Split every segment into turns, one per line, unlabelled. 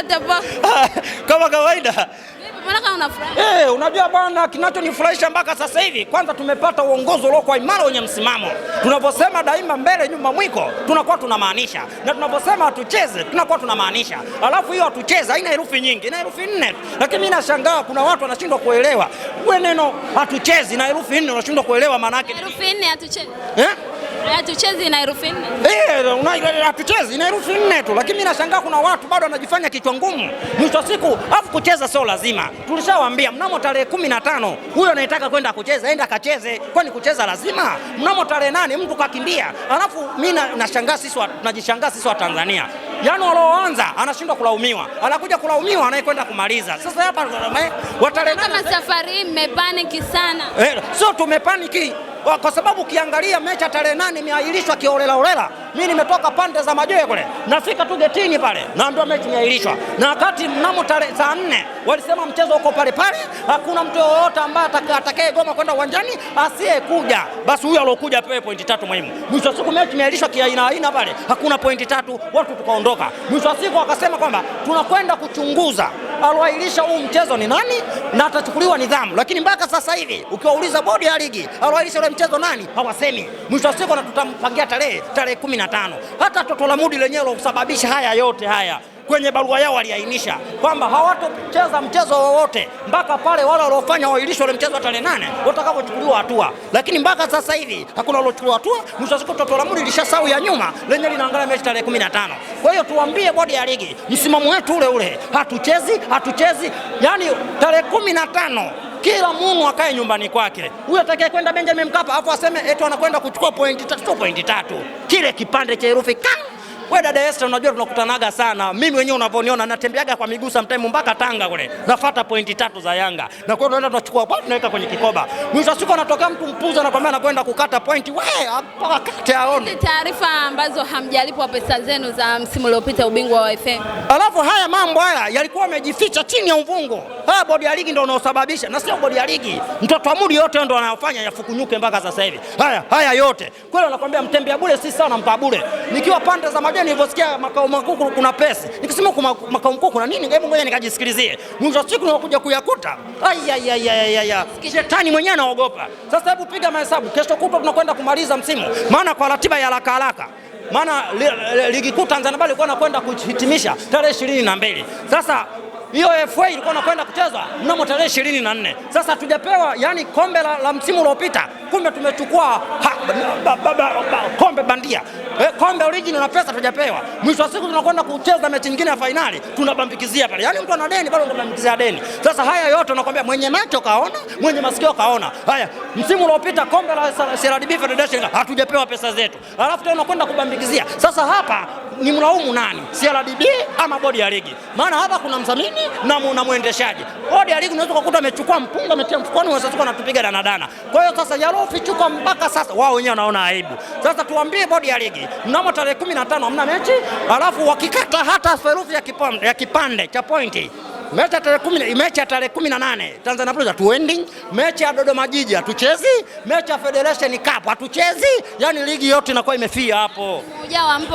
kama kawaida. Hey, eh, unajua bwana, kinachonifurahisha mpaka sasa hivi, kwanza tumepata uongozi uliokuwa imara wenye msimamo. Tunaposema daima mbele nyuma mwiko, tunakuwa tunamaanisha, na tunaposema hatucheze, tunakuwa tunamaanisha. Alafu hiyo hatucheze haina herufi nyingi, ina herufi nne, lakini mimi nashangaa kuna watu wanashindwa kuelewa. Wewe neno hatuchezi na herufi nne unashindwa kuelewa maana yake.
Herufi nne hatucheze. Eh? Eh, hatuchezi na herufi nne.
Eh, eh hatuchezi ina herufi nne tu, lakini mimi nashangaa kuna watu bado wanajifanya kichwa ngumu. Mwisho siku afu kucheza sio lazima, tulishawaambia mnamo tarehe kumi na tano huyo anayetaka kwenda kucheza enda akacheze, kwani kucheza lazima? Mnamo tarehe nane mtu kakimbia, alafu mimi nashangaa sisi tunajishangaa sisi wa Tanzania yaani walioanza anashindwa kulaumiwa, anakuja kulaumiwa anayekwenda kumaliza. Sasa hapa eh,
watalena, kama safari hii mmepaniki sana.
Eh, sio tumepaniki kwa, kwa sababu ukiangalia mechi ya tarehe nane imeahirishwa kiolela olela. Mimi nimetoka pande za Majoe kule nafika tu getini pale, naambiwa mechi imeahirishwa, na wakati mnamo tarehe saa nne walisema mchezo uko pale pale, hakuna mtu yoyote ambaye goma kwenda uwanjani asiyekuja, basi huyo alokuja apewe pointi tatu muhimu. Mwisho wa siku mechi imeahirishwa kiaina aina pale, hakuna pointi tatu, watu tukaondoka. Mwisho wa siku wakasema kwamba tunakwenda kuchunguza aloahirisha huu mchezo ni nani na atachukuliwa nidhamu, lakini mpaka sasa hivi ukiwauliza bodi ya ligi aloailisha ule mchezo nani, hawasemi. Mwisho wa siku na tutampangia tarehe tarehe kumi na tano. Hata toto la mudi lenyewe kusababisha haya yote haya kwenye barua yao waliainisha kwamba hawatocheza mchezo wowote mpaka pale wale waliofanya wailisho wa mchezo wa tarehe nane watakapochukuliwa hatua, lakini mpaka sasa hivi hakuna waliochukuliwa hatua. Mwisho wa siku toto la muri lishasau ya nyuma lenye linaangalia mechi tarehe tano. Kwa hiyo tuwambie bodi ya ligi msimamo wetu ule ule, hatuchezi hatuchezi, yani tarehe tano kila munu akae nyumbani kwake. Huyo atakaye kwenda Benjamin Mkapa afu aseme eti anakwenda kuchukua pointi tatu, pointi tatu, kile kipande cha herufi We dada Esther, unajua tunakutanaga sana. Mimi wenyewe unaponiona natembeaga kwa miguu sometimes mpaka Tanga kule. Nafuata pointi tatu za Yanga. Na kwa unaenda, tunachukua hapo tunaweka kwenye kikoba. Mwisho siku anatokea mtu mpuza na kwambia anakwenda kukata pointi. We hapa kati aone.
Taarifa ambazo hamjalipwa pesa zenu za msimu uliopita ubingwa wa FA.
Alafu haya mambo haya yalikuwa yamejificha chini ya uvungo. Haya bodi ya ligi ndio unaosababisha na sio bodi ya ligi. Mtoto wa mudi yote ndio anayofanya yafukunyuke mpaka sasa hivi. Haya haya yote. Kweli anakwambia mtembea bure si sawa na mpa bure, Nikiwa pande za Ngoja nilivyosikia makao makuu kuna pesa, nikasema kwa makao makuu kuna nini? Hebu ngoja nikajisikilizie. Mwisho wa siku nakuja kuyakuta. Ayayayaya, shetani mwenyewe anaogopa. Sasa hebu piga mahesabu, kesho kutwa tunakwenda kumaliza msimu, maana kwa ratiba ya haraka haraka maana ligi kuu Tanzania Bara ilikuwa inakwenda kuhitimisha tarehe ishirini na mbili sasa hiyo FA ilikuwa inakwenda kuchezwa mnamo tarehe ishirini na nne. Sasa tujapewa yani kombe la, la msimu uliopita, kumbe tumechukua kombe bandia e, kombe original na pesa tujapewa. Mwisho wa siku tunakwenda kucheza mechi nyingine ya fainali, tunabambikizia pale, yani mtu ana deni bado tunabambikizia deni. Sasa haya yote unakwambia mwenye macho kaona, mwenye masikio kaona. Haya, msimu uliopita kombe la CRDB Federation hatujapewa pesa zetu, alafu tena unakwenda kubambikizia. Sasa hapa ni mlaumu nani? CRDB ama bodi ya ligi? Maana hapa kuna mdhamini na mwendeshaji. Bodi ya ligi unaweza kukuta amechukua mpunga, ametia mfukoni, unaweza anatupiga danadana. Kwa hiyo sasa yalo fichuka mpaka sasa wao wenyewe wanaona aibu. Sasa tuambie bodi ya ligi, mnamo tarehe 15 hamna mechi, alafu wakikata hata ferufu ya kipande, ya kipande cha pointi mechi ya tarehe kumi na nane Tanzania Prisons hatuendi, mechi ya Dodoma Jiji hatuchezi, mechi ya Federation Cup hatuchezi, yani ligi yote inakuwa imefia hapo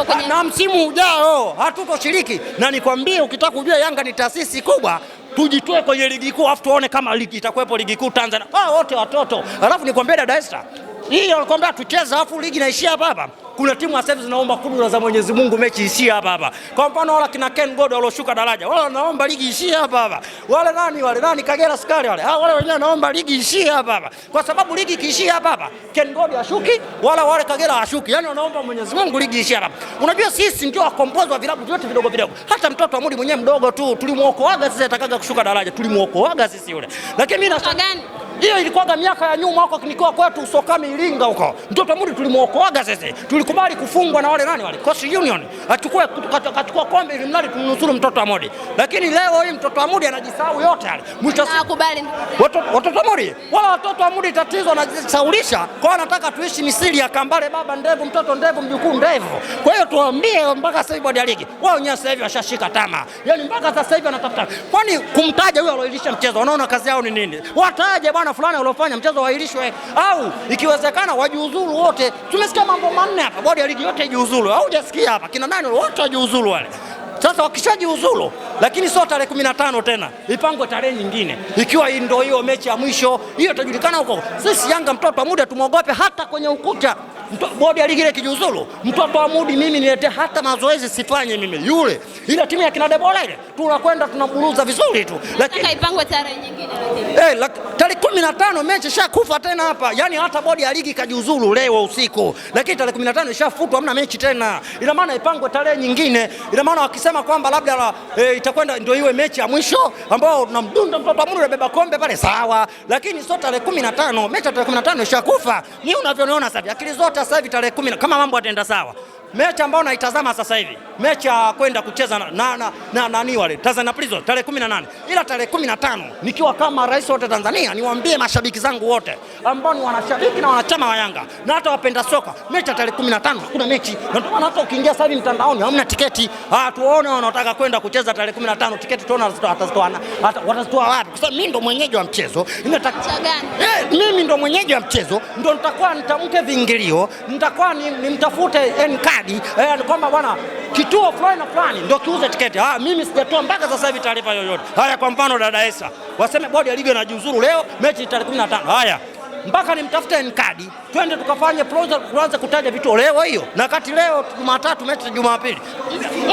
kwenye... na msimu ujao hatuko shiriki na nikwambie, ukitaka kujua Yanga ni taasisi kubwa tujitoe kwenye ligi kuu, afu tuone kama ligi itakuwepo ligi kuu Tanzania wote watoto. Alafu nikwambie dada Esther, hii alikwambia tucheze, afu ligi inaishia baba kuna timu sasa zinaomba kudura za Mwenyezi Mungu mechi ishie hapa hapa. Kwa mfano wala kina Ken God walioshuka daraja wala naomba ligi ishie hapa hapa. Wale nani wale nani Kagera Skari wale hao wale wenyewe wanaomba ligi ishie hapa hapa, kwa sababu ligi ikiishia hapa hapa Ken God hashuki wala wale Kagera hashuki, yani wanaomba Mwenyezi Mungu ligi ishie hapa. Unajua sisi ndio wakombozi wa vilabu vyote vidogo vidogo, hata mtoto amudi mwenyewe mdogo tu tulimuokoaga sisi, atakaga kushuka daraja tulimuokoaga sisi yule, lakini mimi na hiyo ilikuwaga miaka ya nyuma huko, nikiwa kwetu Usokami Iringa huko, mtoto Muri tulimwokoaga sisi. Tulikubali kufungwa na wale nani wale Coast Union, achukue kachukua kombe ili mradi tunusuru mtoto wa Muri, lakini leo hii mtoto wa Muri anajisahau yote yale.
Mtakubali
watoto wa Muri wala watoto wa Muri tatizo anajisaulisha kwa, anataka tuishi misili ya Kambale, baba ndevu, mtoto ndevu, mjukuu ndevu. Kwa hiyo tuambie, mpaka sasa hivi bodi ya ligi wao nyasa sasa hivi washashika tama, yaani mpaka sasa hivi anatafuta, kwani kumtaja huyo aloilisha mchezo, wanaona kazi yao ni nini? Wataje bwana fulani waliofanya mchezo wailishwe au ikiwezekana wajiuzuru wote. Tumesikia mambo manne hapa, bodi ya ligi yote ijiuzuru, au hujasikia hapa? Kina nani wote wajiuzuru wale. Sasa wakishajiuzulu, lakini sio tarehe 15 tena, ipangwe tarehe nyingine, ikiwa ndio hiyo mechi ya mwisho hiyo, itajulikana huko. Sisi Yanga mtoto wa muda tumwogope hata kwenye ukuta bodi ya ligi ile kijiuzulu, mtoto wa Mudi mimi nilete hata mazoezi sifanye mimi yule. Ile timu ya kina Debola ile tunakwenda tunaburuza vizuri tu,
lakini ipangwe tarehe nyingine
eh, laki, tarehe 15 mechi ishakufa tena hapa, yani hata bodi ya ligi kajiuzulu leo usiku, lakini tarehe 15 ishafutwa, hamna mechi tena. Ina maana ipangwe tarehe nyingine, ina maana wakisema kwamba labda la, eh, e, itakwenda ndio iwe mechi ya mwisho ambao tunamdunda mtoto wa Mudi anabeba kombe pale, sawa, lakini sio tarehe 15. Mechi tarehe 15 ishakufa. Ni unavyoona sasa akili zote hata sasa hivi tarehe kumi, kama mambo yataenda sawa, mechi ambayo naitazama sasa hivi, mechi ya kwenda kucheza na, na, na, na, nani wale Tanzania Prison tarehe 18, ila tarehe 15 nikiwa kama rais wote Tanzania, niwaambie mashabiki zangu wote ambao ni wanashabiki na wanachama wa Yanga na hata wapenda soka, mechi ya tarehe 15 hakuna mechi, na ndio maana hata ukiingia sasa hivi mtandaoni hamna tiketi. Ah, tuone wanaotaka kwenda kucheza tarehe 15 tiketi, tuone watazitoa watazitoa wapi, kwa sababu mimi ndo mwenyeji wa mchezo ninataka eh, mimi ndo mwenyeji wa mchezo ndo nitakuwa nitamke vingilio, nitakuwa nimtafute NK kadi eh, kwamba bwana kituo fulani na fulani ndio kiuze tiketi. Ah, mimi sijatoa mpaka sasa hivi taarifa yoyote. Haya, kwa mfano dada Esa waseme bodi ya ligi inajiuzuru leo, mechi tarehe 15. Haya, mpaka nimtafute Nkadi twende tukafanye proza kuanza kutaja vitu leo hiyo, na kati leo Jumatatu mechi Jumapili,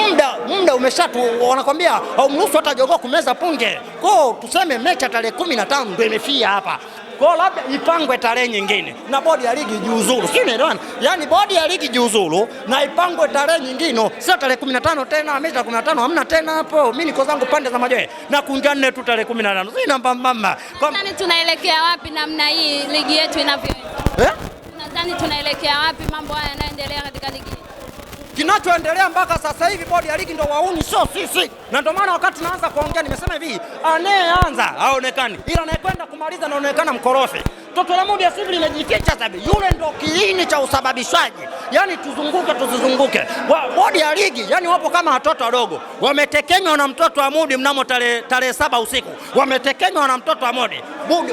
muda muda umeshatu, wanakwambia mruhusu hata jogoo kumeza punge Kwao tuseme mechi tarehe 15 ndio imefia hapa kwa labda ipangwe tarehe nyingine na bodi ya ligi jiuzuru, si unaelewana? Yani bodi ya ligi jiuzuru na ipangwe tarehe nyingine, sio tarehe 15 tena, mimi tarehe 15 hamna tena hapo. Mimi niko zangu pande za majoe na kuingia nne tu tarehe 15, si namba mama.
kwa Nadhani tunaelekea wapi namna hii ligi yetu inavyo eh? Nadhani tunaelekea wapi mambo haya yanayoendelea katika ligi
Kinachoendelea mpaka sasa hivi, bodi ya ligi ndo wauni, sio sisi. Na ndio maana wakati tunaanza kuongea nimesema hivi, anayeanza haonekani, ila anayekwenda kumaliza anaonekana mkorofi. Toto la modi ya sivili limejificha sabi, yule ndo kiini cha usababishaji. Yani tuzunguke tuzizunguke bodi ya ligi yani wapo kama watoto wadogo, wametekenywa na mtoto wa mudi mnamo tarehe tare saba usiku, wametekenywa na mtoto wa modi.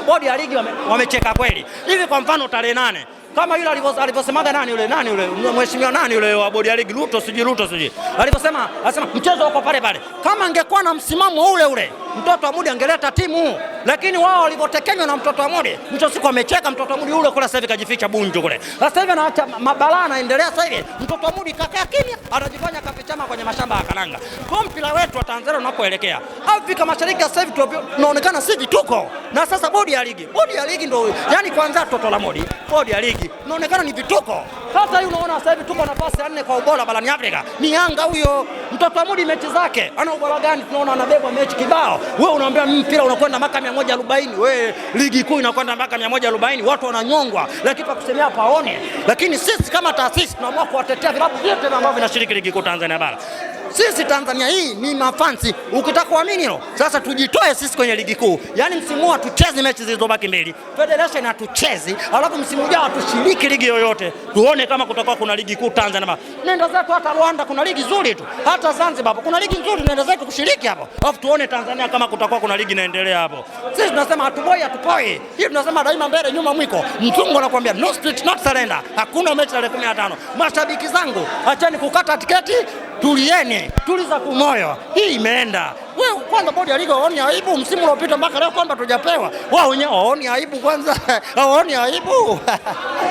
Bodi ya ligi wamecheka wame kweli hivi. Kwa mfano tarehe nane kama yule alivyosemaga nani yule nani yule mheshimiwa nani yule wa bodi ya ligi Ruto sijui Ruto sijui alivyosema, anasema mchezo uko pale pale. Kama angekuwa na msimamo ule ule, mtoto wa Mudi angeleta timu lakini wao walivyotekenywa na mtoto wa Mudi, mwisho siku amecheka mtoto wa Mudi ule kule, sasa hivi kajificha Bunju kule. Sasa hivi anaacha mabalaa anaendelea, sasa hivi mtoto wa Mudi kakaa kimya, anajifanya kapichama kwenye mashamba ya karanga. Kwa mpira wetu wa Tanzania unapoelekea Afrika Mashariki sasa hivi tunaonekana si vituko, na sasa bodi ya ligi, bodi ya ligi ndio yani, kwanza toto la Mudi, bodi ya ligi unaonekana ni vituko hata hii unaona sasa hivi tuko nafasi ya nne kwa ubora barani Afrika. Ni Yanga huyo. Mtoto wa Mudi mechi zake ana ubora gani? Tunaona anabebwa mechi kibao. Wewe unaambia mpira unakwenda mpaka 140. Wewe ligi kuu inakwenda mpaka 140. Watu wananyongwa. Lakini pa kusemea paone. Lakini sisi kama taasisi tunaamua kuwatetea vilabu vyote ambavyo vinashiriki ligi kuu Tanzania bara. Sisi Tanzania hii ni mafansi, ukitaka kuamini hilo. Sasa tujitoe sisi kwenye ligi kuu, yaani msimu huu hatuchezi mechi zilizobaki mbili, federation hatuchezi, alafu msimu ujao hatushiriki ligi yoyote, tuone kama kutakuwa kuna ligi kuu Tanzania. nenda zetu hata Rwanda kuna ligi nzuri tu, hata Zanzibar kuna ligi nzuri, nenda zetu kushiriki hapo, alafu tuone Tanzania kama kutakuwa kuna ligi inaendelea hapo. Sisi tunasema hatuboi, hatupoi, hii tunasema daima mbele, nyuma mwiko. Mzungu anakuambia no street not surrender. Hakuna mechi tarehe 15. Mashabiki zangu, acheni kukata tiketi tulieni, tuliza kumoyo, hii imeenda. Wewe kwanza, bodi ya ligi waoni aibu msimu uliopita mpaka leo kwamba tujapewa? Wao wenyewe waoni aibu kwanza? waoni aibu